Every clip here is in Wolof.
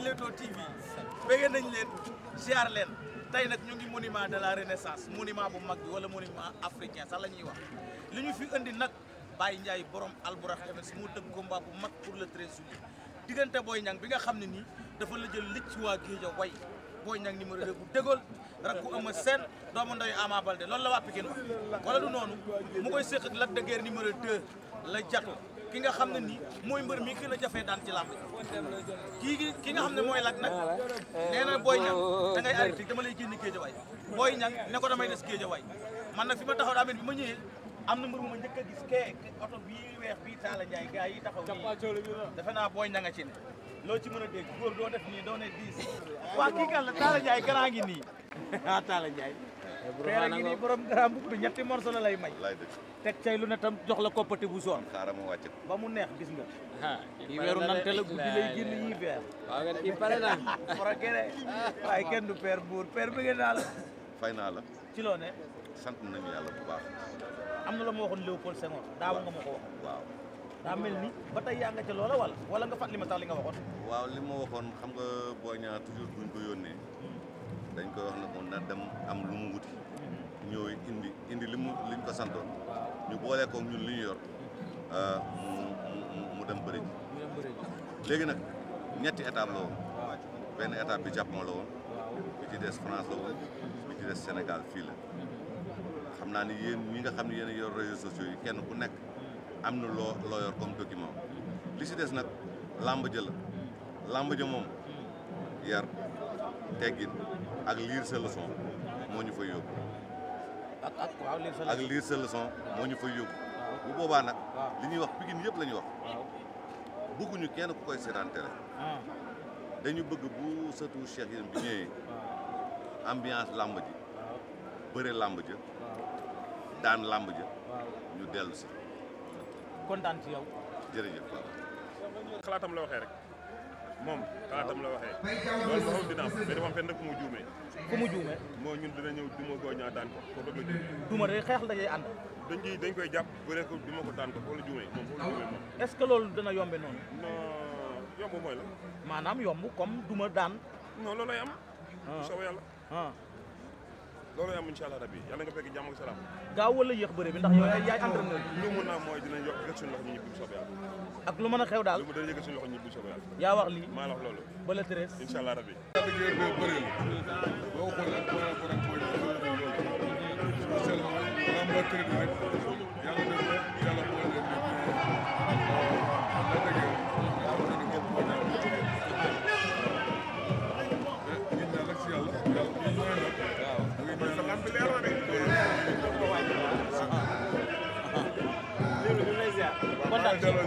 mbokki Leewtoo TV bëgg nañ leen ziar leen tey nag ñu ngi monument de la renaissance monument bu mag bi wala monument africain sax la ñuy wax li ñu fi indi nag Baye Ndiaye borom Albourakh Events moo tëgg combat bu mag pour le 13 juillet diggante Boy Niang bi nga xam ne nii dafa la jël licc waa Guédiawaye Boy Niang numéro 2 bu dégol rakku Eumeu Sène doomu ndoyu Ama Baldé loolu la waa Pikine wax wala noonu mu koy séq ak Lac de Guiers numéro la jatu ki nga xam ne nii mooy mbër mi gën a jafee daan ci làmb kii ki nga xam ne mooy Lac nag nee na Boy Niang da ngay arrêté dama lay génne géejawaay Boy Niang ne ko damay des waay man nag fi ma taxaw daa mel bi ma ñëwee am na mbër ma njëkk a gis kee oto bii weex bii Talla Ndiaye gars yi taxaw nii defe naa Boy Niang a ci ne loo ci mën a dégg doo def nii doo ne diis waa kii kan la Talla Ndiaye grand ngi nii ah Talla Ndiaye. tey rek nii borom grand bu ñetti morceau la lay may. teg cay lu ne tam jox la koppati bu soon xaaral ma wàcc ba mu neex gis nga. yi weeru nante la guddi lay génn yi weer. waaw nga kii waaye kenn du père buur père bëgg naa la. fay naa la. ci loo ne. sant nañu yàlla bu baax. am na la ma waxoon Léopold Senghor daaw nga ko wax. waaw. daa mel ni ba tey yaa nga ca loola wala wala nga fàttali ma sax li nga waxoon. waaw li ma waxoon xam nga boo ñaa toujours buñ ko yónnee hmm. dañ koy wax ne ko na dem am lu mu wuti. Hmm. ñëw indi indi li mu liñ ko santoon ñu boole ko ñun li ñu yor euh, mu dem bëri léegi nag ñetti étape la woon benn étape bi Japon la woon bi France la woon bi ci des Sénégal xam naa ni yéen ñi nga xam ne yéen yor réseaux sociaux yi kenn ku nekk am na loo loo yor comme document li si des nag làmb ja la yar teggin ak lire sa leçon moo ñu fa yóbbu ak lire sa leçon moo ñu fay yóbbu bu boobaa nag li ñuy wax Pikine yëpp lañu ñuy wax bëgguñu kenn ku koy seetaan tere ah. dañu bëgg bu surtout Cheikh Yérim bi ñëwee ah. ambiance làmb ji ah. bëre làmb ja daan làmb ja ñu dellu si kontaan ci rek moom xalaatam la waxe loolu waxul dina am mais dafa am fenn mu juumee ku mu juumee moo ñun dina ñëw duma ko ñaa daan ko foofu duma day xeex la ngay ànd dañ ciy dañ koy jàpp bëre ko duma ko daan ko foofu la juumee moom foofu la moom est-ce que loolu dina yombe noonu non yomb mooy la maanaam yomb comme duma daan non loolu lay am ah. soo loolu am incha allah rabi yàlla nga fekk jàmm ak salaam. gaaw wala yéex bëre bi ndax yow yaay entraîneur bi. lu mu mën a mooy dinañ yëkkat suñu loxo ñibbi bu soobee yàlla. ak lu mën a xew daal lu mu dinañ yëkkat loxo ñibbi bu soobee yaa wax lii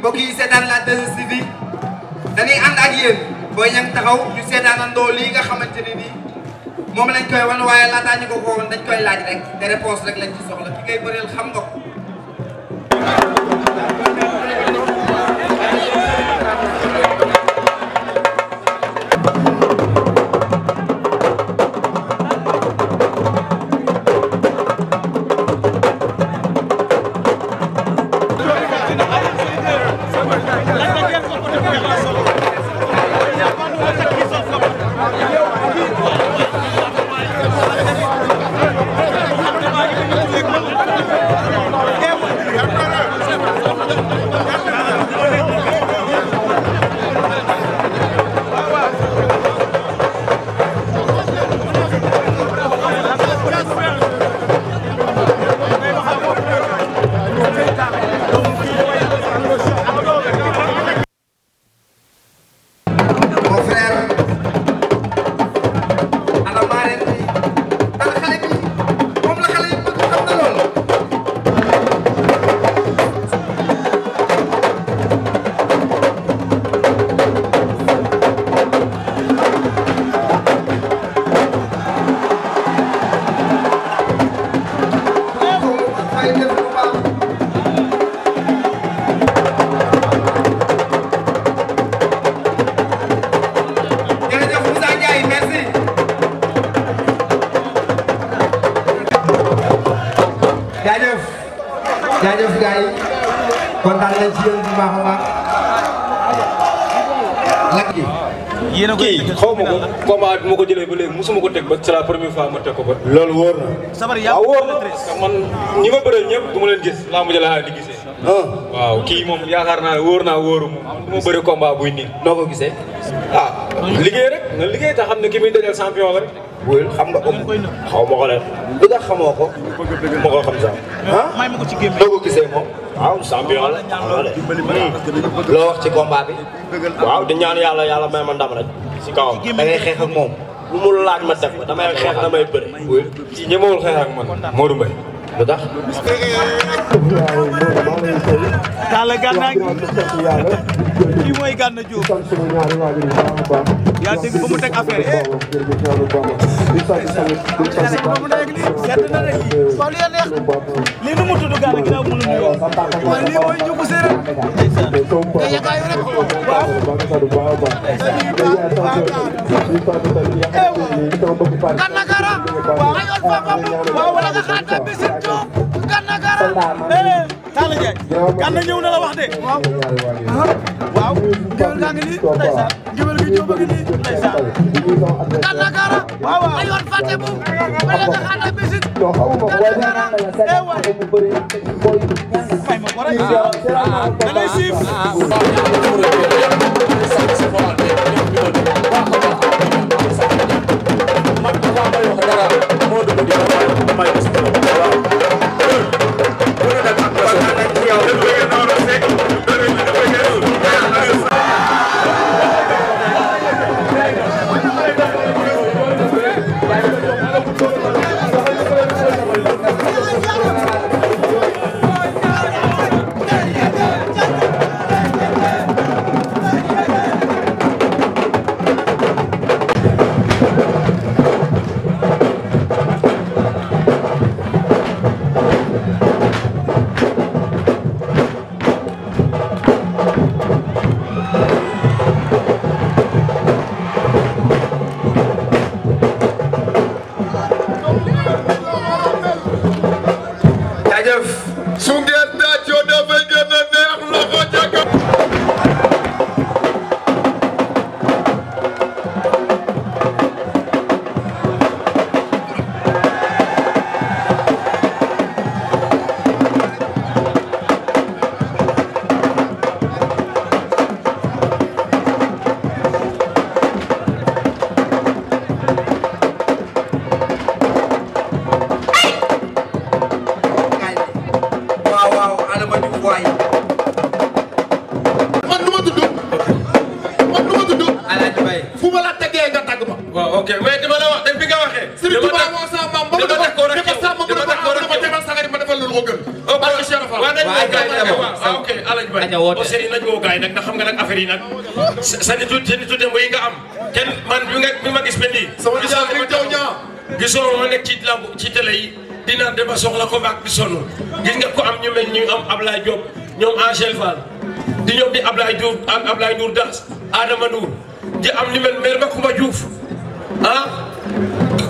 mbokk yi seetaan la 2STV dañuy ànd ak yéen Boy Niang taxaw ñu seetaanandoo lii nga xamante ne nii moom lañ koy wan waaye laataa ñu ko ko koy laaj rek te réponse rek lañ ci soxla ki ngay bëreel xam nga ko xaw ma ko combat bi ma ko jëlee ba léegi musuma ko teg ba c'est la première fois ma teg ko ba. loolu wóor na. sabar waaw wóor man ñi ma bëreel ñëpp du ma leen gis laa ma jëlee di gisee. Ah. waaw kii naa wóor naa wóoru moom du ma bëri combat buy nii. noo ah liggéey rek na liggéey te xam ne ki muy dajal champion la rek. wóyul xam nga ko xaw ma ko leen. li nga xamoo ko. ma ko xam sax. ah may ko ci gémé. noo ko gisee moom. waaw champion la. loo wax ci combat bi. waaw di ñaan yàlla yàlla may ma ndam rek. ci kawam da ngay xeex ak moom lu mu laaj ma def damay xeex damay bëri. ci ñemewul xeex ak man Modou Mbaye. lu tax. Talla Gana kii mooy Gana Diop yaa dégg ba mu teg affaire eh. seet na de lii xool ya neex lii nu mu tudd Gana ginnaaw mu nuyoo. waaw lii mooy rek waaw. waaw waaw waaw yoon foofu waaw wala nga xaar tamit si ñoom Gana Garagne. Talla Ndiaye na la wax waaw waaw ngéwél gaa ngi nii ndeysaan ngéwél gi ñëw ba ngi nii ndeysaan. Gana Garagne waaw waaw ayoon fàtte bu wala nga xaar tamit si Gana Garagne eh waay. may ma ko rek da lay siif. moo dugg di waaw ok mais dama la wax def bi nga waxee. Serigne Touba moo sa maam ba mu defoon dafa sàmm mu ko ah dama demal sagari ma defal loolu moo gën. parce que Cheikh Fall waaw oh, nañ woo gars yi d'abord waaw ok alaaj nga ma gis benn ko am ñu mel ñu am Ablaye Diop ñoom Angèle Fall di ñoom di Ablaye Dour ak Ablaye Dour Das Adama Dour di am ñu mel maire Makumba ah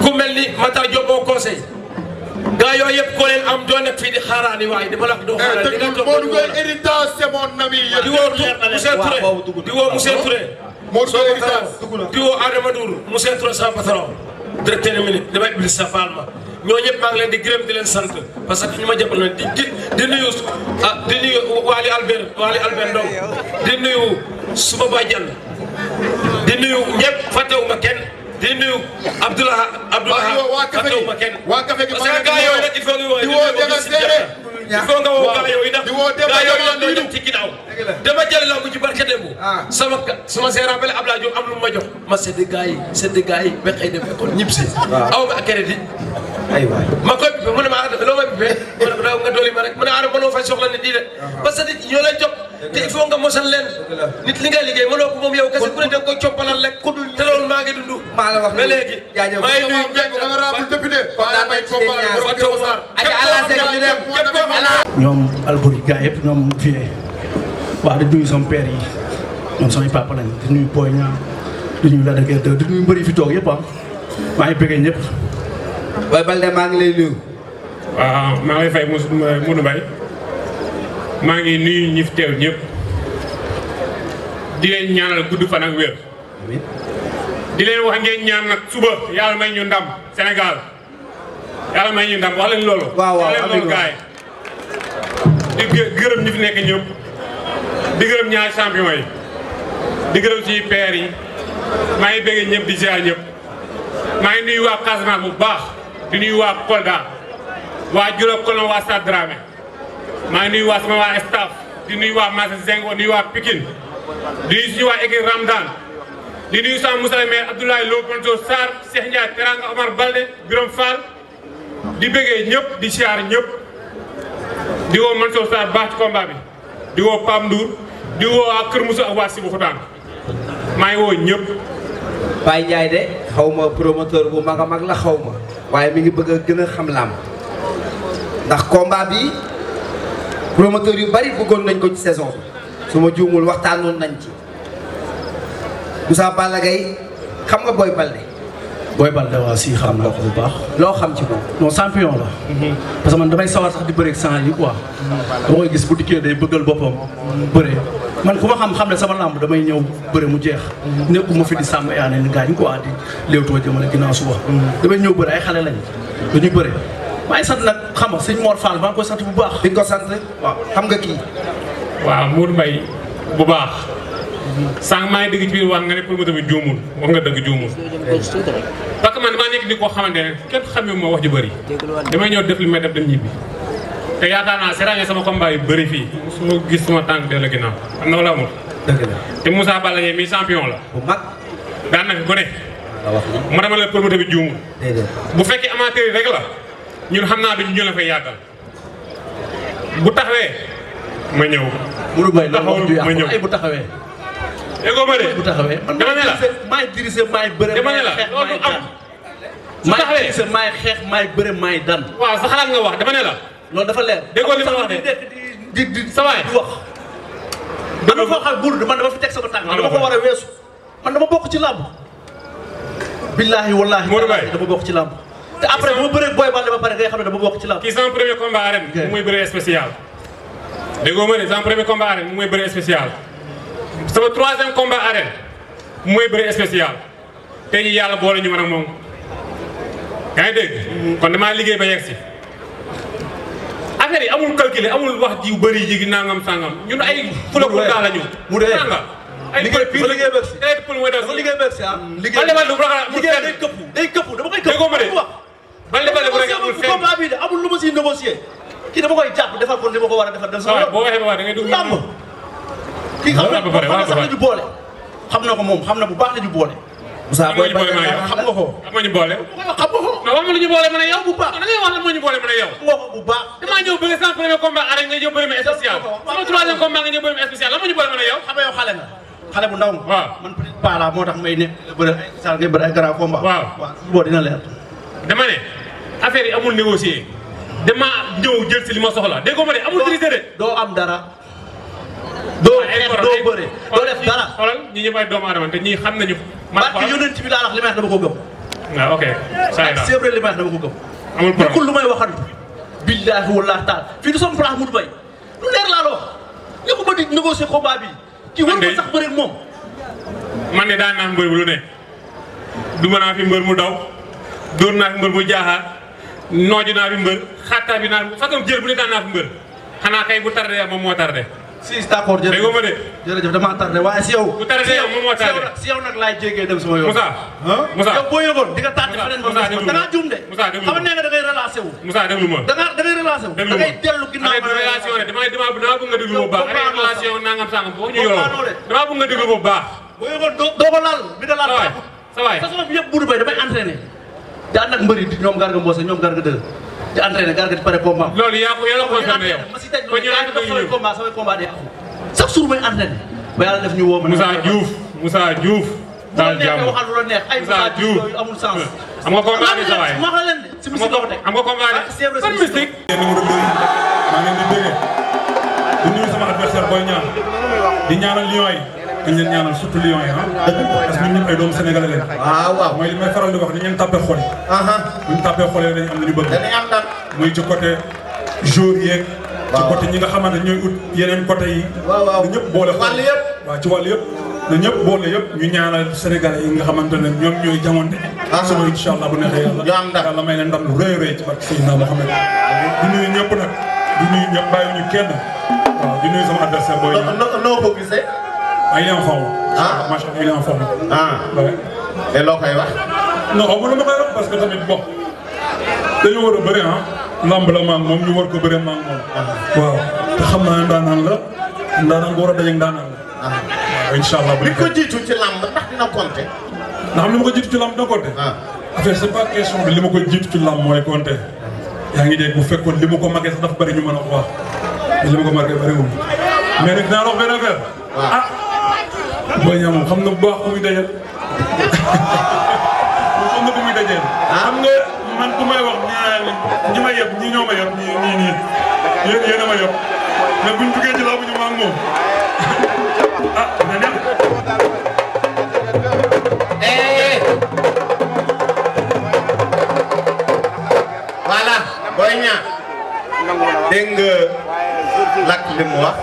ku mel ni Matar Diop au conseil gars yooyu yëpp koo am doo nekk fii di xaaraani waaye dama la wax doo xaaraani eh, di di woo monsieur Touré di di woo Adama Dour monsieur Touré sa patron directeur de minute damay sa faal ma ñoo ñëpp maa leen di gërëm di leen sant parce que ñu ma jàppal noonu di di di nuyu ah di nuyu Waly Albert Waly Albert Ndong di nuyu Suba Badiane di nuyu ñëpp fàttewuma kenn di nuyu Abdoulaye Abdoulaye Abdoulaye kenn waa café gi parce que gars yooyu nag il faut nga woo di woo il faut nga woo gars yooyu ndax gars yooyu la doon dem ci ginnaaw dama jël lamb ci barke démb ah. sama sama seera bele Abdoulaye Diop am lu ma jox ma sedd gars yi sedd gars yi ba xëy dem école ñib si aw ma crédit ay waay ma koy bippe mu ne ma loo may bippe ma ne ko daaw nga dolli ma rek mu ne aara mënoo fay soxla nit ñi de ah. parce que nit ñoo lay jox te il faut nga mosal leen nit li ngay liggéey mënoo ko moom yow kese ku ne da nga koy coppalal rek te loolu maa ngi dund maa la wax mais léegi ñoom Alboury gaa yëpp ñoom fii wax di nuyu sama père yi ñoom samay papa lañ di nuyu Boy Niang di nuyu Lac fi toog yëpp ah maa ngi bëggee ñëpp Boy Baldé maa ngi lay nuyu waaw maa ngi fay Modou Mbaye maa ngi nuyu ñi fi teew ñëpp di ñaanal gudd fa ak wér di wax ngeen ñaan nag suba yàlla may ñu ndam Sénégal yàlla may ñu ndam wax leen loolu wax leen loolu gaay di gërëm ñi fi nekk ñëpp di gërëm yi di gërëm ci père yi maa ngi bëgg ñëpp di ziar ñëpp maa ngi nuyu waa Casamance bu baax di nuyu waa Kolda waa Djolof Kolon waa Stade maa ngi nuyu waa sama waa staff di nuyu waa marché Zingo nuyu waa Pikine di nuyu suñu waa équipe Ramadan di nuyu sama Moussa maire Abdoulaye Lo Ponto Sarr Cheikh Ndiaye Teranga Omar Balde Birame Fall di bëggee ñëpp di siyaar ñëpp di woo Mansour Sarr baax ci combat bi di woo Pam Ndour di woo waa Kër Moussa ak waa Sébikotane maa ngi woo ñëpp. Baye Ndiaye de xaw ma promoteur bu mag a mag la xaw ma waaye mi ngi bëgg a gën a xam làmb ndax combat bi. promoteur yu bari bëggoon nañ ko ci saison bi su ma juumul waxtaanoon nañ ci Moussa Balla Gaye xam nga booy balde booy Baldé waa si xam naa ko bu baax. loo xam ci moom. non champion la. Mhm. parce que man damay sawar sax di bëreeg sang yi quoi. da koy gis bu dikkee day bëggal boppam. bëre man ku ma xam xam ne sama làmb damay ñëw bëre mu jeex. Mhm. nekkuma fi di sàmm yaa ne gaañ quoi di léewtoo jëmale ginnaaw suba. Mhm. damay ñëw bëre ay xale lañ dañuy bëre. waaye sant nag xam nga sëñ Mor Fall maa ngi koy sant bu baax. di ko sant waaw xam nga kii. waaw Mour Mbaye bu baax. sànq maa ngi dégg ci biir wax nga ne pour mu tamit juumul wax dëgg juumul. parce que man damaa nekk ni koo xamante ne kenn xamee ma wax ju bëri. damay ñëw def li may def dem ñibbi. te yaakaar naa seetaan sama combat yu bëri fii su ma gis sama tànk dellu ginnaaw am na wala amul. dëgg la te Moussa Balla Gaye mi champion bu mag daan na fi ne. ma dama la promoteur bi juumul. bu fekkee amateur yi rek la. ñun xam naa duñ ñu la fay yàggal bu taxawee ma ñëw. bu taxawul ma ñëw ay bu taxawee. déggoo ma de bu taxawee man maay dirigé maay bëre maay xeex maay daan su taxawee maay dirigé maay xeex maay bëre maay sa xalaat nga wax dama ne la. loolu dafa leer. déggoo li ma wax de di di di wax. dëgg foo xam buur man dama fi teg sama tànk. dama ko war a weesu man dama bokk ci làmb. billaahi wallaahi dama bokk ci làmb. te après bu ma bëree Boy Baldé ba pare ngay xam ne dama bokk ci la. kii sama mu muy bëree spécial. déggoo ma ne sama premier combat ren mu muy bëree spécial. sama troisième combat ren mu muy bëree spécial. tey jii yàlla boole ñu man moom. yaa ngi dégg. Mm-hmm. kon maa liggéey ba yegg si. affaire yi amul calculé amul wax ji bëri ji nangam sangam ñun ay. fula ku daa la ñu. dee ay liggéey bi liggéey beeg si ay liggéey beeg si ah. Mm. liggéey bañ la bëri bu rek amul fenn combat kii dama ko li ma ko war a defal. dem sama yoon boo xam na xam na sax boole. xam na ko moom xam na bu baax na ñu boole. Moussa booy bañ a xam nga ko. am na ñu boole. xam nga ko. mais wax ñu boole mën a yow bu baax. da ngay wax lan moo a yow. wax baax. xale bu ndaw nga. waaw man petit paa laa moo tax may nekk bëri ay sal ngay ay grand combat. waaw waaw boo leer. dama ne. affaire yi amul négocier dama ñëw jël si li ma soxla déggoo ma de amul triser de. doo am dara. doo xeex doo bëre doo def dara. doomu aadama te xam nañu. man xoolal barke yonent bi laa wax li may wax dama ko gëm. kii war nga sax bëre moom. man de daan naa mbër bu lu ne. duma naa fi mbër mu daw dóor naa fi mbër mu jaaxaar nooju naa fi mbër xattaa bi naa sagam jël bu fi mbër xanaa kay bu tardé moom moo tardé si d'accord jërëjëf dégg nga ma de jërëjëf damaa tardé waaye si moom moo tardé si yow nag laay jéggee dem sama yoon Moussa Moussa yow boo yëgoon di nga tardé feneen ba da ngaa de Moussa déglu ma xam ne nga da ngay relaxé wu Moussa déglu ma da nga da ngay relaxé wu da ngay dellu ginnaaw ma relation rek dama dama dama bëgg nga déglu bu boo ñu yoroo dama bëgg nga déglu bu baax boo yëgoon doo bi da laal sa waay sa sama bi yëpp di ànd ak mbëri ñoom Garga Mbossé ñoom Garga 2 di entraîné Garga di pare combat. loolu yaa ko yàlla ko fermé yow ba ñu laaj ko ñu combat samay combat day am chaque jour may entraîné ba yàlla def ñu woo ma. Moussa Diouf Moussa Diouf. daal jàmm waxal lu la neex ay Moussa Diouf yooyu amul sens. am nga combat de sawaay wax la leen de si musique ko teg am nga combat de ban musique. maa ngi leen di dégg di nuyu sama adversaire Boy Niang di ñaanal Lions yi dañ leen ñaanal surtout Lions yi ah. parce que ah, li may faral di ñu tàbbee xol yi ah, ah. dañ am lu ñu bëgg. dañuy am ñi nga xamante ne ñooy ut yeneen côté yi. waaw waaw ñëpp boole xol yëpp. ci wàll yëpp. na ñëpp boole yëpp ñu ñaanal Sénégalais yi nga xamante ne ñoom ñooy jamonte. suba incha allah bu neexee yàlla. ñu am ndam yàlla may leen ndam lu rëy rëy ci barke Seydina ñu kenn. waaw di sama adversaire booy. noo noo ko Ah, il est en forme. ah macha allah il est en forme. ah oui. te loo koy wax. non xaw ma lu ma koy wax parce que tamit bon dañu war a bëri ah. lamb la maag moom ñu war ko bëri maag moom. Ah. waaw te xam naa ne daanaan la daanaan bu war a dajeeg daanaan la. Ah. waaw incha allah bu ko jiitu ci lamb ndax dina compter. ndax am na ma ko jiitu ci lamb dina compter. affaire c'est pas question bi li ma ko jiitu ci lamb mooy compter. yaa ngi dégg bu fekkoon li ma ko màggee sax dafa bëri ñu mën a wax li ma ko màggee bëriwul mais nag dinaa wax benn affaire. ah. Boy Niang moom xam na bu baax ku muy dajal xam na ku muy dajal. Ah. xam nga man ku may wax ñi ma yeb ñi ñoo ma yeb ñii ñii nii yéen yéen a ma yeb mais buñ duggee ci laabu ñu ma ak moom ah na nekk. Boy Niang dégg nga lakk li mu wax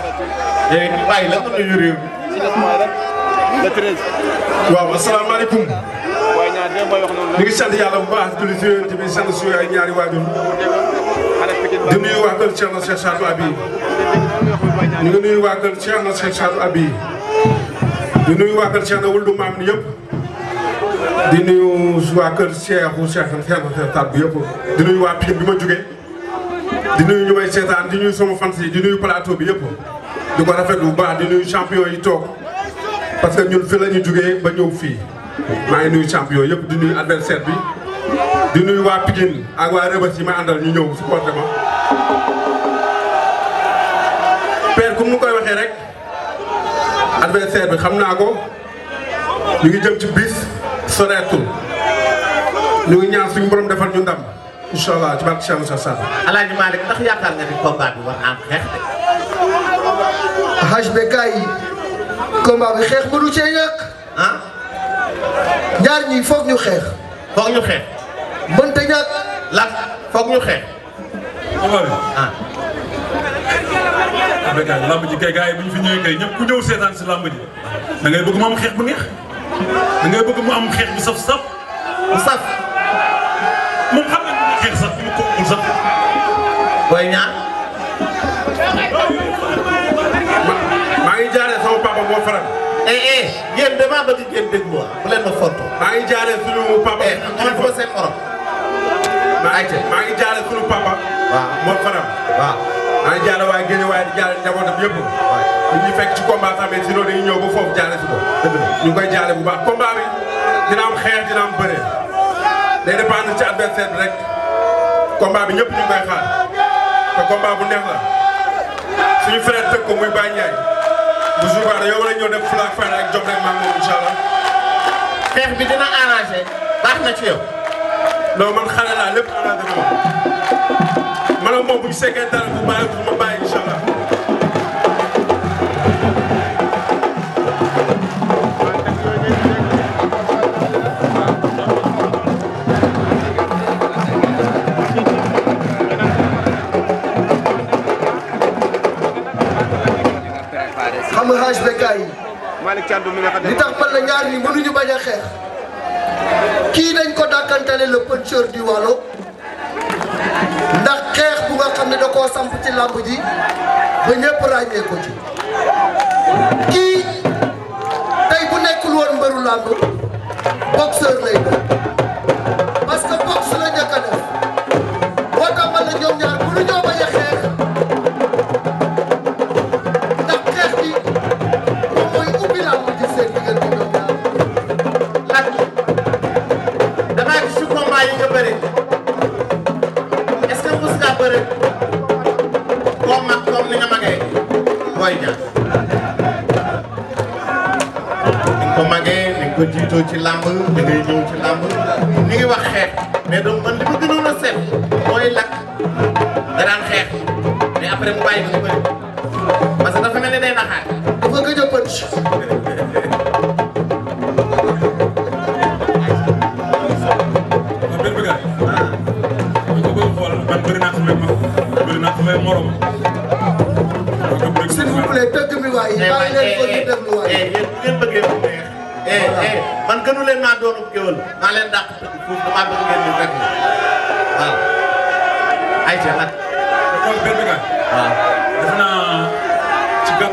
léegi bàyyi la ko nuyu réew mi ci des mooy rek le treize. waaw asalaamaaleykum. waaye ñaar la. ñu ngi sant yàlla bu baax julli ci yonent bi sant suñu ñaari waajur. di nuyu waa kër Cheikh na Cheikh Sadou Abi. ñu ngi nuyu waa kër Cheikh na Cheikh Sadou Abi. di nuyu waa kër Cheikh wul du maam ni yëpp. di nuyu waa kër Cheikhu Cheikh na Cheikh Sadou bi yëpp. di nuyu waa Pikine bi ma di nuyu ñu may seetaan di nuyu sama fans yi di nuyu plateau bi yëpp. du ko rafet bu baax di nuyu champion yi toog parce que ñun fi la ñu jugee ba ñëw fii maa ngi nuyu champion yëpp di nuy adversaire bi di nuyu waa Pikine ak waa Rebeuss yi ma àndal ñu ñëw supporté ma père comme mu koy waxee rek adversaire bi xam naa ko ñu ngi jëm ci bis soreetul ñu ngi ñaan suñu borom defal ñu ndam incha a ci barke Cheikh Moussa Haj Bekkay combat bi xeex mënu cee ñàkk. ah. ñaar ñii foog ñu xeex. foog ñu xeex. mënta ñàkk. lan foog ñu xeex. combat bi ah. Bekkay ah, lamb ji kay gars bu ñu fi ñëwee kay ñëpp si lamb ji ngay bëgg mu am xeex bu neex ngay bëgg mu am xeex bu saf-saf bu saf moom xam nga xeex sax fi mu ko sax. booy ñaar. faral. Eh, eh, yéen damaa bëgg ngeen déglu wa bu leen ma fonto. maa ngi jaale sunu papa. on eh, ko seen morom. ayca maa ngi jaale sunu papa. waaw moom faram. maa jaale waaye génne waaye di jaale njabootam yëpp. waaw ñu fekk ci combat tamit sinon dañuy ñëw ba foofu jaale si ko. ñu koy jaale bu baax combat bi dina am xeex dina am bëre. day ci adversaire bi rek. combat bi ñëpp ñu ngi xaar te bu neex la suñu frère tëgg ko muy Baye Ndiaye. bu jour ba yow rek ñoo def flag fan ak job rek maa moom allah. xeex bi dina arrangé baax na ci yow. non man xale laa lépp arrangé moom man moom bu ñu seggee dara bu ma bàyyi. li tax man la ñaar ñi mënuñu bañ a xeex kii nañ ko dàkkantale le puncheur du Waalo ndax xeex bu nga xam ne da koo samp ci làmb ji ba ñëpp ràññee ko ci kii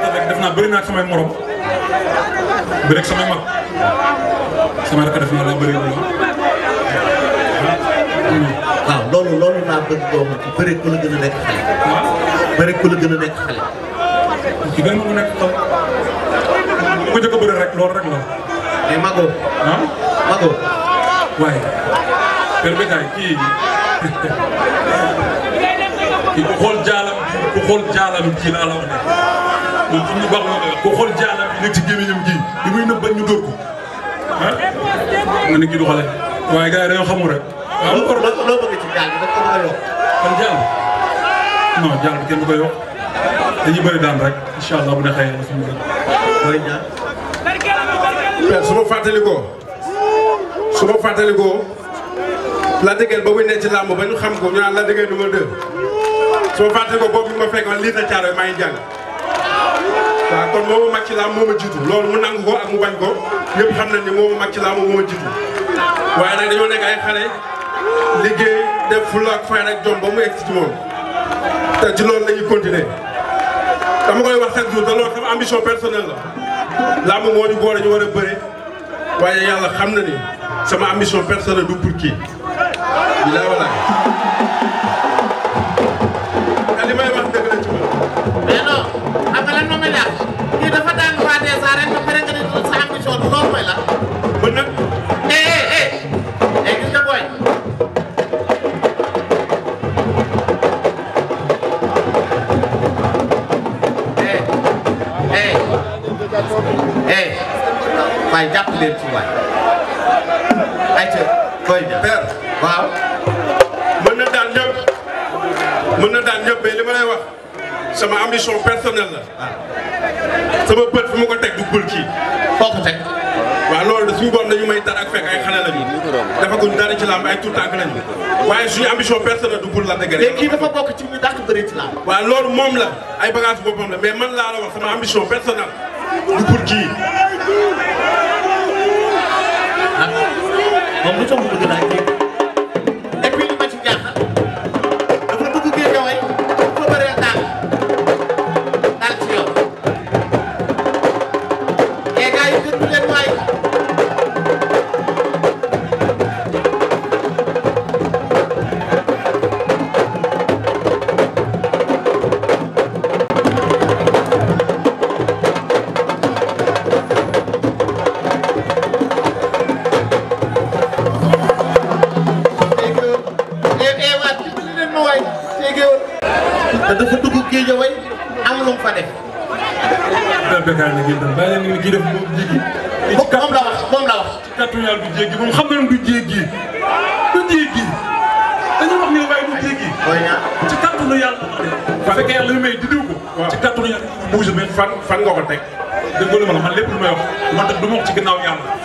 gàttal rek def naa bëri naa ak samay morom bëri ak samay mag samay rakk def naa laa bëri na waaw loolu loolu laa bëgg dooma ci bëri ku la gën a nekk xale. bëri ku la gën a nekk xale. ci benn mu nekk taw bu ko jëkk a bëri rek loolu rek la. mais Mago. ah Mago. waaye. Père Bécaye kii kii ku xool jaalam ku xool jaalam kii laa la wax ne. moom fu ñu baax la ko xool jaala nekk ci gémmiñam gi li muy nëb bañ ñu dóor ko ah nga ne kii waaye gars yi rek. Ah, da ko bëgg a yokk. kon jaal bi non jaal bi kenn du ko yokk dañuy daan rek incha bu ne xëy na suñu bëri. booy la dëggeen ba muy nekk ci làmb ba ñu xam ko ñu naan la dëggeen numéro 2 su ma fàttalikoo boobu ñu ma fekk man lii na caaro yi maa ngi jàng. waaw kon moo ma mag ci làmb moo ma jiitu loolu mu nangu ko ak mu bañ ko ñëpp xam nañ ni moomu ma mag ci làmb moo ma jiitu waaye nag dañoo nekk ay xale liggéey def fulla ak fayda ak jom ba mu egg ci moom te ci loolu la ñuy continuer dama koy wax chaque jour te loolu sama ambition personnelle la làmb moo ñu boole ñu war a bëre waaye yàlla xam na ni sama ambition personnelle du pour kii bilaa walaay ren ba pare nga ne sa ambition du loolu mooy la ba nag eh eh eh eh gis nga booy eh eh eh waaye jàpp leen ci waay ayca booy bi père waaw mën na daan ñëpp mën na daan ñëpp mais li ma lay wax sama ambition personnelle la ah. xamaguñ dara ci làmb ay tout tànk lañu waaye suñu ambition personnelle du pour Lac de Guiers. mais moom la ay bagages boppam la mais man laa la wax sama ambition personnelle du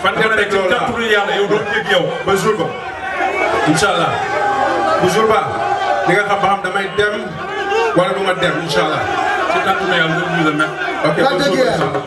fan nga nekk ci kàttanu yàlla yow doon yëg yow ba jour ba incha allah bu ba di nga xam ba damay dem wala du ma dem incha allah ci kàttanu yàlla ñu la mel. ok ba jour ba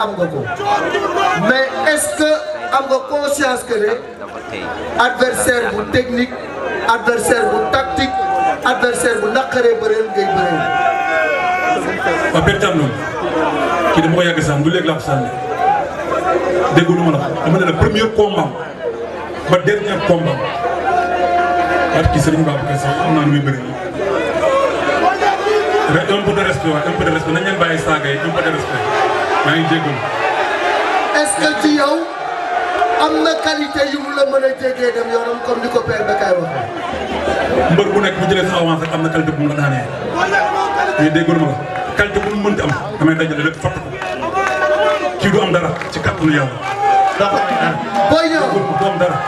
am nga ko mais est-ce que am nga conscience que ne adversaire bu technique adversaire bu tactique adversaire bu naqaree bëreel ngay bëreel. waaw benn tam noonu kii dama ko yàgg sax du léegi laa ko sànni déggu lu ma ne la premier combat ba dernier combat parce que Serigne Babacar sax am naa nu muy bëri un peu de respect waaye un peu de respect nañ leen bàyyi yi un peu de respect. maa ngi jégalu. ci yow am na qualité yu mu la mën a jégee dem yoonam comme ni ko père Bécaye waxee. mbër bu nekk bu jële sa avance rek am na qualité bu mu la daanee. mais déggoon ma la bu mu mënti am damay dajale lépp fàtt ko kii du am dara ci kàttanu yàlla. booy ñëw du am dara.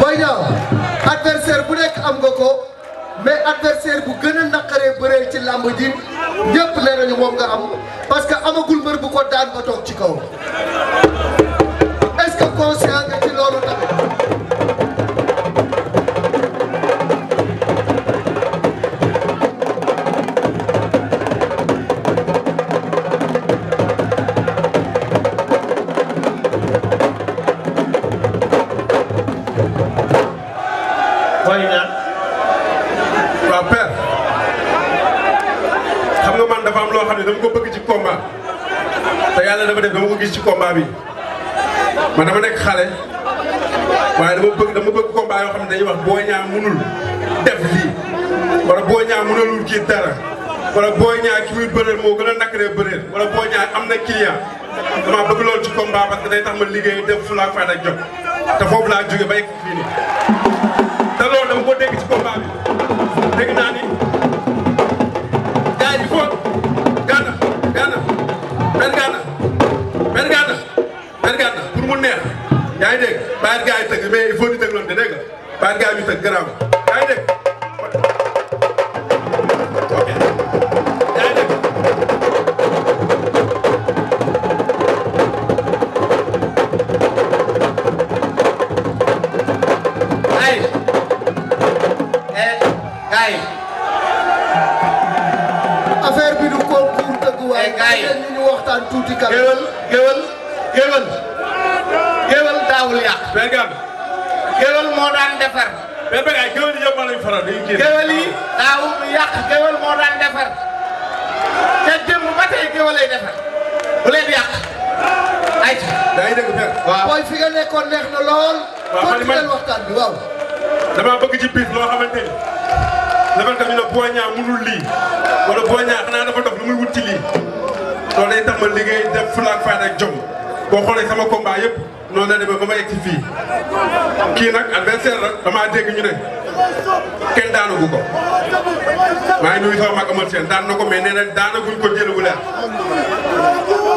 booy ñëw adversaire bu nekk am nga ko. mais adversaire bu gën a naqaree bëree ci làmb ji ñëpp nee nañu moom nga am parce que amagul mbër bu ko daan ba ci kaw est-ce que conscient nga ci loolu tamit. dafa def dama ko gis ci combat bi man dama nekk xale waaye dama bëgg dama bëgg combat yoo xam ne dañuy wax Boy Niang mënul def lii wala Boy Niang mënalul kii dara wala Boy Niang ki muy bëreel moo gën a nakkaree bëreel wala Boy Niang am na client dama bëgg loolu ci combat parce que day tax ma liggéey def fu laa fayda jot te foofu laa jóge ba egg fii nii te loolu dama ko dégg ci combat bi dégg naa yaa ngi dégg bàyyi gaa yi tëgg mais il faut ñu tëgloonte dégg nga bàyyi gaa yi ñu tëgg garaaw yaa ngi dégg. ok yaa ngi dégg. ay ay. affaire bi du concours tëgg waaye. ay ay ñu waxtaan tuuti. kàlla géwél géwél. mais béykat yi géwél yëpp lañ faral dañuy génn. géwél yi daaw yàq géwél moo daan defar te démb ba tey géwél lay defar bu leen yàq. ayca da ngay dégg fekk. waaw booy fi nga nekkoon neex na lool. waaw man man waxtaan bi waaw. damaa bëgg ci biir loo xamante ni dafa tax ñu ne Boy Niang mënul lii wala Boy Niang xanaa dafa dof lu muy wut ci lii loolu day tax ma liggéey def fulaak fayda ak jom boo xoolee sama combat yëpp. noonu ne demee ba ma yegg ci fii kii nag adversaire la damaa dégg ñu ne kenn daanagu ko maa ngi nuyu mag amal seen daan na ko mais nee na daanaguñ ko jëlee wu leer.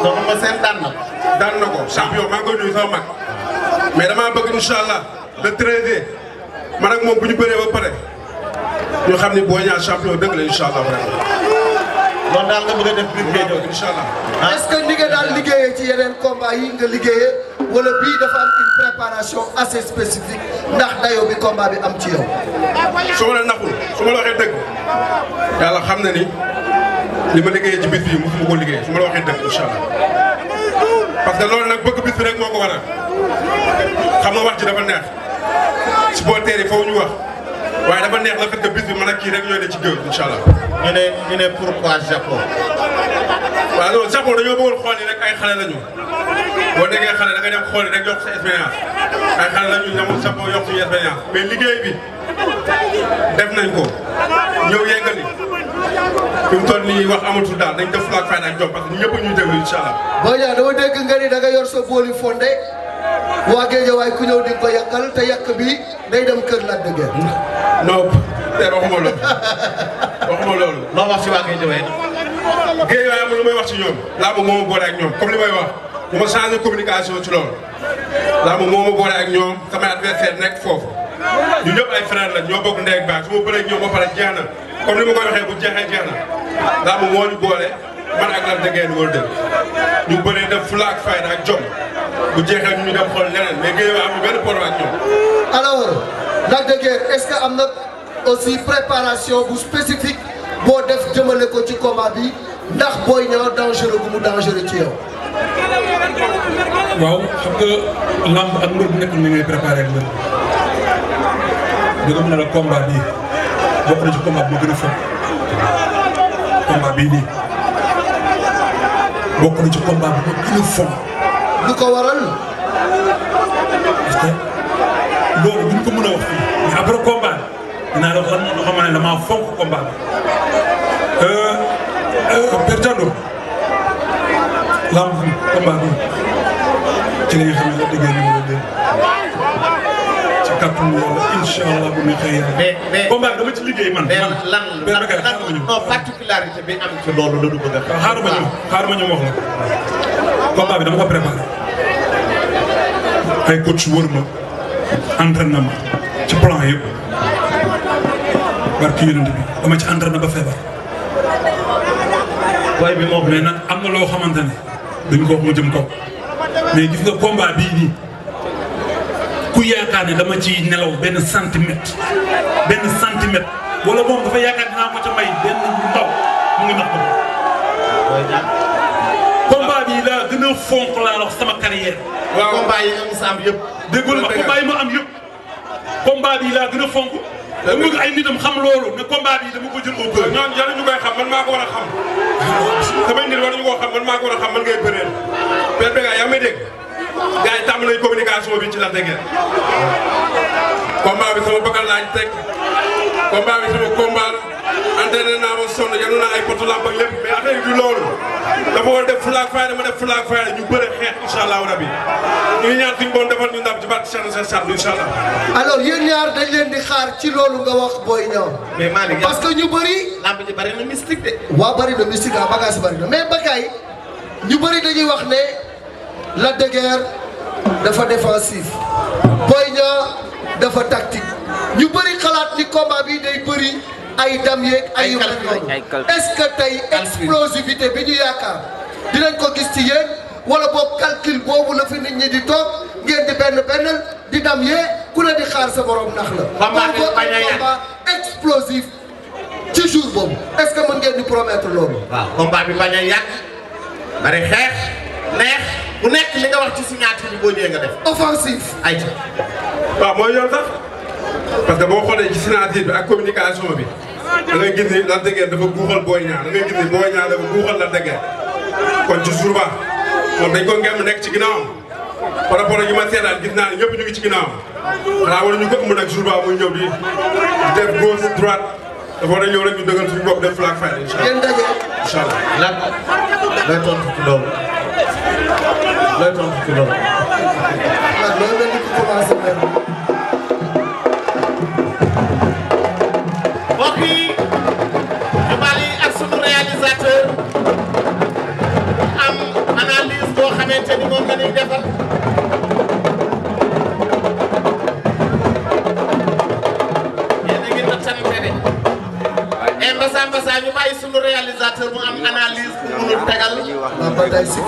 donc ma seen daan na ko. daan na ko champion maa ngi koy nuyu mag mais damaa bëgg incha allah le 13 man ak moom bu ñu bëree ba pare ñu xam ni boo ñaar champion dëgg la incha allah vraiment. loolu daal nga bëgg a def biir géej incha allah. est ni nga daal liggéeyee ci yeneen combat yi nga liggéeyee. wala bii dafa am une préparation assez spécifique ndax dayoo bi combat bi am ci yow. su ma la naxul su ma la waxee dëgg yàlla xam na ni li ma liggéeyee ci bis bi mosuma ko liggéey su ma la waxee dëgg incha parce que loolu nag bëgg bis bi rek moo ko waral xam nga wax ji dafa neex supporters yi foofu ñu wax. waaye dafa neex la fekk bis bi kii rek ñooy ne ci géew incha allah. ñu ne ñu ne pourquoi Japon. waaw non Japon dañoo bëggoon xool ni rek ay xale lañu boo déggee xale da nga dem xooli rek yokk sa expérience ay xale la ñuy demoon yokk suñu expérience mais liggéey bi def nañ ko ñëw yeggali fi mu toll nii wax amatul daal dañ def fulaak fayda ak jom parce que ñëpp ñu déglu incha boo ñëwee dama dégg nga ni da nga yor sa booli fondé waa ku ñëw di ko yàqal te bi day dem kër Lac de Guiers. non tey waxuma loolu waxuma loolu. loo wax si waa Géejawaay. Géejawaay amul lu may wax si ñoom. laa bëgg moom boole ak ñoom comme li may wax. ñu ma changé communication ci loolu ndax moom moo ma boole ak ñoom samay adversaire nekk foofu ñu ñëpp ay frère lañ ñoo bokk ndey ak baay su ma bëree ñoom ba pare jeex na comme ni ma koy waxee bu jeexee jeex na ndax moom moo ñu boole man ak lan dëggeen wóor dëgg ñu bëree def fulla ak ak jom bu jeexee ñu dem xool leneen mais géej waa am benn problème ak ñoom. alors Lac de Guiers est-ce que am na aussi préparation bu spécifique boo def jëmale ko ci combat bi ndax Boy Niang mu dangereux ci waaw xam nga lamb ak mbër a la combat bii bokk na ci combat bi ma gën a foog combat bii nii bokk na ci combat bi ma gën a foog lu ko waral parce que loolu duñ ko mën a wax fii mais après combat dinaa la wax lan loo xamante ne damaa fonk combat bi. Euh, euh, Père ci li nga xam bu neexee yàlla. mais dama ci liggéey man. man a. xaaral ma ñëw xaaral ma ñëw bi dama ko préparé ay coach wër ma entraînement ci plan ci entraîné ba feebar. waaye am na loo xamante ne dañ ko wax mu jëm kaw. mais gis nga combat bii nii ku yaakaar ne dama ci nelaw benn centimètre benn centimètre wala moom dafa yaakaar dinaa ko ca may benn ndaw mu ngi nax ko combat bii laa gën a fonk laa wax sama carrière waaw combat yi nga am yëpp déggul ma combat yi ma am yëpp combat bii laa gën a fonk da bëgg ay nitam xam loolu ne combat bi dama ko jël au cœur ñoom yàlla ñu koy xam man maa ko war a xam ah, samay nit war nañu koo xam man maa ko war a xam man ngay bëreel Père Bécaye yaa ngi may dégg gars bi ci la dégg combat bi sama bakkan laa teg combat bi sama combat entraîné naa ma sonn yal naa ay potu làmp ak lépp mais bi du loolu dafa war def ñu bëre xeex incha allahu rabi ñu ñaan suñu ñu ndam ci bàtt seen seen sàmm incha allah. alors yéen ñaar dañ leen di xaar ci que ñu bëri. làmb ji bëri na de. waaw bëri na ah, ñu bëri dañuy wax ne la de dafa défensif Boy Niang dafa tactique ñu bëri xalaat ni combat bi day bëri ay dam yeeg ay yoon est-ce que tey explosivité bi ñu yaakaar dinañ ko gis ci yéen wala boo calcul boobu la fi nit ñi di toog ngeen di benn benn di dam yee ku la di xaar sa borom nax la combat ci jour boobu est-ce que mën ngeen di promettre loolu bi bari xeex neex bu nekk li nga wax ci signature bi boo ñëwee nga def offensive ay ca waaw mooy yoon sax parce que boo xoolee ci signature bi ak communication bi da ngay gis ni Lac de Guiers dafa guuxal Boy Niang da ngay gis ni Boy Niang dafa guuxal Lac de kon ci jour ba moom dañ mu nekk ci ginnaawam par rapport ak yu ma seetaan gis naa ne ñëpp ñu ngi ci ginnaawam xanaa ñu ko ëmb nag jour ba muy ñëw di def gauche dafa war a ñëw rek ñu dëggal suñu bopp def flag file incha allah. ngeen daje. incha allah lan lay tontu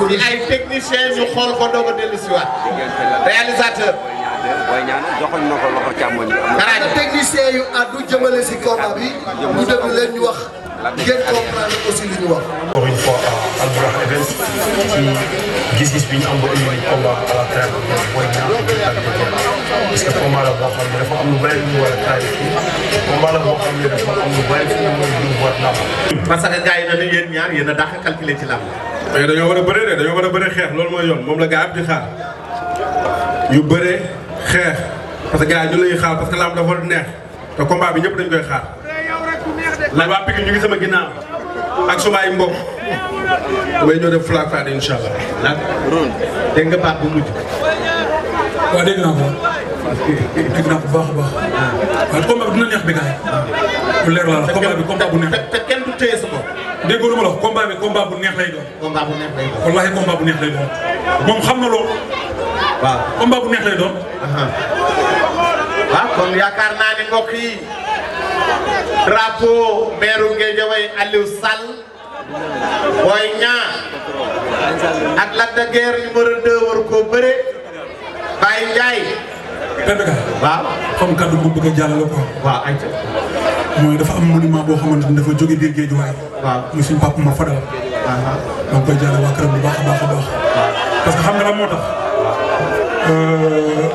di ay technicien ñu xool ko doog a si waat réalisateur. booy ñaan joxoñ na ko loxo càmmoñ. garaañ technicien yu àddu jëmale si combat bi ñu déglu leen ñu wax ngeen wax. encore gis-gis bi ñu am ba indi combat la boo xam ne dafa am lu bëri lu war a traité fii la boo xam ne dafa am lu bëri fu ñu war a parce que gars yi na ne yéen ñaar yéen a dàq calculé ci mais dañoo war a bëre de dañoo war a bëre xeex loolu mooy yoon moom la gaa yëpp di xaar yu bëre xeex parce que gars yi ñu lañuy xaar bi ñëpp dañ koy xaar la sama ginnaaw ak sumaay mbokk damay ñëw def flag flag incha allah nag nga baat bu mujj waaw dégg naa ko dégg naa ko bu baax a baax ah. waaw combat bi dina neex bi gars yi bu ah. leer la combat bi combat neex te kenn du déggoo lu ma la wax combat bu neex lay doon. combat bu bu neex lay moom xam na loolu. waaw combat bu neex lay doon. Uh-huh. waaw kon yaakaar naa ne mbokk yi drapeau maire Guédiawaye Aliou Sall Boy Niang ak Lac de Guiers numéro 2 koo bëre Baye Ndiaye. Penda Ka. waaw xam kaddu bu bëgg a jàllale ko. waaw ayca. mooy dafa am monument boo xamante ni dafa jóge biir géej waay. waaw muy suñ papa ma Fadal. waaw koy jaale waa këram bu baax a baax baax. parce que xam nga lan moo tax. Euh,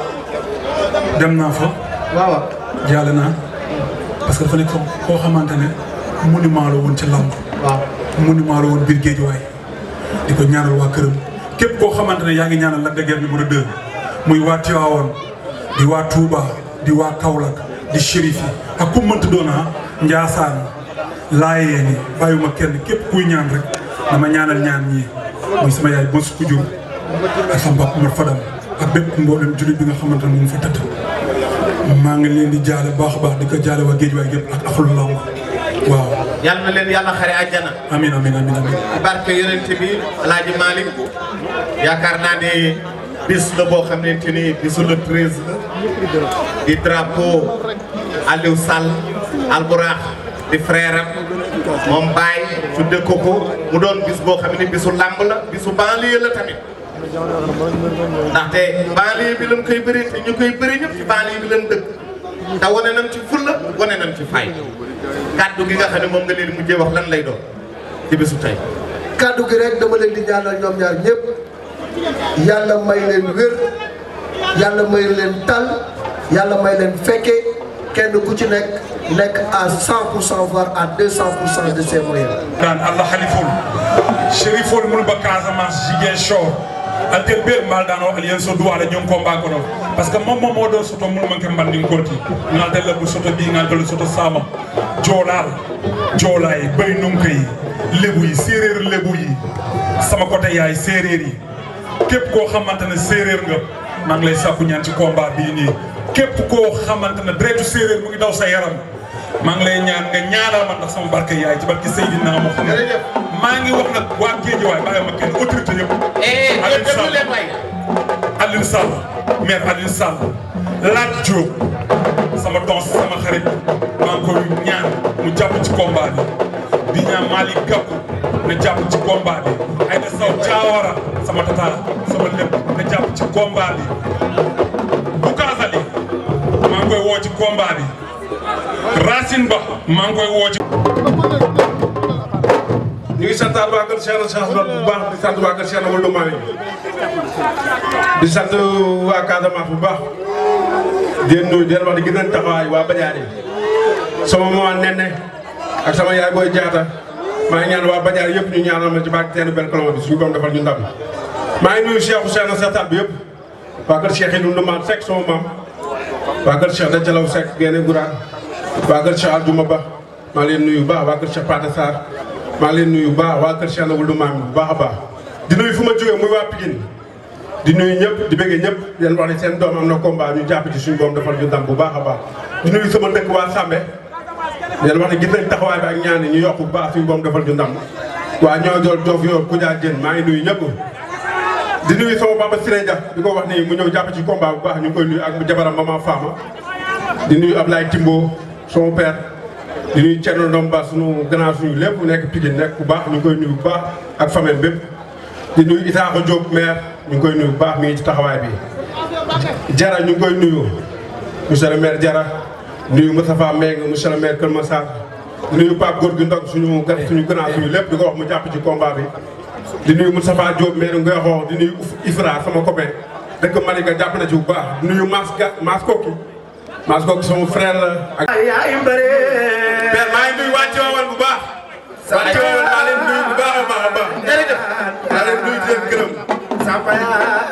dem naa fa. waaw jaale naa. parce que dafa nekk koo xamante ne monument la woon ci lamb. waaw monument la woon biir géej di ko ñaanal waa këram képp koo xamante ne yaa ngi ñaanal Lac de bu numéro 2 muy waa Tivaouane di waa Touba di waa Kaolack. di shérif yi ak ku mënta doon ah njaasaan laayee ni bàyyiwuma kenn képp kuy ñaan rek dama ñaanal ñaan ñii muy sama yaay ma sukk jur ak sama bopp Umar Fadam ak bépp mboolem jullit bi nga xamante ne mu fa tëdd maa ngi leen di jaale baax baax di ko jaale waa géej waay yëpp ak axlu làmb waaw yal na leen yàlla xare àjjana amin amin amin amin ci barke yonent bi alaaji Malick yaakaar naa ne bis la boo xamante ni bisu le treize la di drapeau Aliou Sall Alburax di frère moom Baye tudde ko ko mu doon bis boo xam ne bisu làmb la bisu banlieue la tamit ndaxte banlieue bi lañ koy bëri ñu koy bëri ñëpp ci banlieue bi lañ dëkk te wane nañ ci fulla wane nañ ci fay kàddu gi nga xam ne moom nga leen mujjee wax lan lay doon ci bisu tey kàddu gi rek dama leen di ñaanal ñoom ñaar ñëpp yàlla may leen wér yàlla may leen tal yàlla may leen fekkee kenn ku ci nekk nekk à 100 pour cent voire à 200 pour cent de ses moyens. naan allah xaliful chérifol mun ba Casamance Ziguinchor ante ber mbalɗano alien so duwaɗa ñon combat kono par ce que mamma moɗon soto yi mbandin gorti ngalde labbu soto mbi ngalde soto sama joolal joolaye ɓay nunkayi leɓuyi séréer leɓuyi sama côté yaay séeréer yi képp koo xamante ne séréer maa ngi lay sàkku ñaan ci combat bii nii képp koo xamante ne deretu séeréer mu ngi daw sa yaram maa ngi lay ñaan nga ñaanal ma ndax sama barke yaay ci barke Seydina Muhammad maa ngi wax nag waa géej waay bàyyi ma kenn autorité yëpp. Eh, eh, Alioune Sall Alioune Sall maire Alioune Sall sama dons sama xarit maa ngi koy ñaan mu jàpp ci combat bi di ñaan Malick Gakou. na jàpp ci combat bi ay na saw caawara sama tata sama lépp na jàpp ci combat bi bu kaasali maa ngi koy woo ci combat bi racine ba maa ngi koy woo ci ñu ngi sant waa kër Cheikh na Cheikh bu baax di sant waa kër Cheikh na Walo Mali di sant waa Casamance bu baax di leen nuyu di leen wax di gën a taxawaay waa Badiane sama maman Nene ak sama yaay booy jaata maa ngi ñaan waa Badiar yëpp ñu ñaanal ma ci barke benn koloma maa ngi nuyu Cheikh Ousseynou Seetaan bi yëpp waa kër Cheikh yi dund maam Seck sama maam waa kër Cheikh da Jalaw Seck waa kër Ba maa leen nuyu baax waa kër Cheikh maa leen nuyu baax waa kër Cheikh na wuldu maam bu baax a baax di nuyu fu ma jógee muy waa Pikine di nuyu ñëpp di bëggee ñëpp leen wax seen doom am na combat ñu jàpp ci suñu borom defal ñu bu baax a baax di nuyu sama dëkk waa Sambé leen wax ne gis taxawaay bi ak ñaan ñu yokk bu baax suñu boom defal ñu ndam waa ñoo jool joof yoor Koudia Dieng maa ngi nuyu ñëpp di nuyu sama papa Siré Dia di ko wax ni mu ñëw jàpp ci combat bu baax ñu ngi koy nuyu ak jabaram maman Fama di nuy nuyu Ablaye Timbo son père di nuyu Thierno Ndomba suñu gannaaw suñu lépp nekk Pikine nekk bu baax ñu ngi koy nuyu bu baax ak famille bépp di nuyu Itaaka Diop maire ñu ngi koy nuyu bu baax mi ngi ci taxawaay bi jara ñu koy nuyu monsieur le nuyu Moustapha Mbengue monsieur le maire Kër di nuyu Pape Gorgui Ndong suñu gan suñu grand suñu lépp di ko mu jàpp ci combat bi. di nuyu Moustapha Diop maire Ngoyokho di nuyu Ifra sama copain dëkk Malika jàpp na ci bu baax di nuyu Mas Mas Koki Mas Koki sama la. yaay mbëre. père maa nuyu waa Tivaouane bu baax. waa Tivaouane maa leen nuyu bu baax a baax a baax. jërëjëf maa leen nuyu di leen gërëm.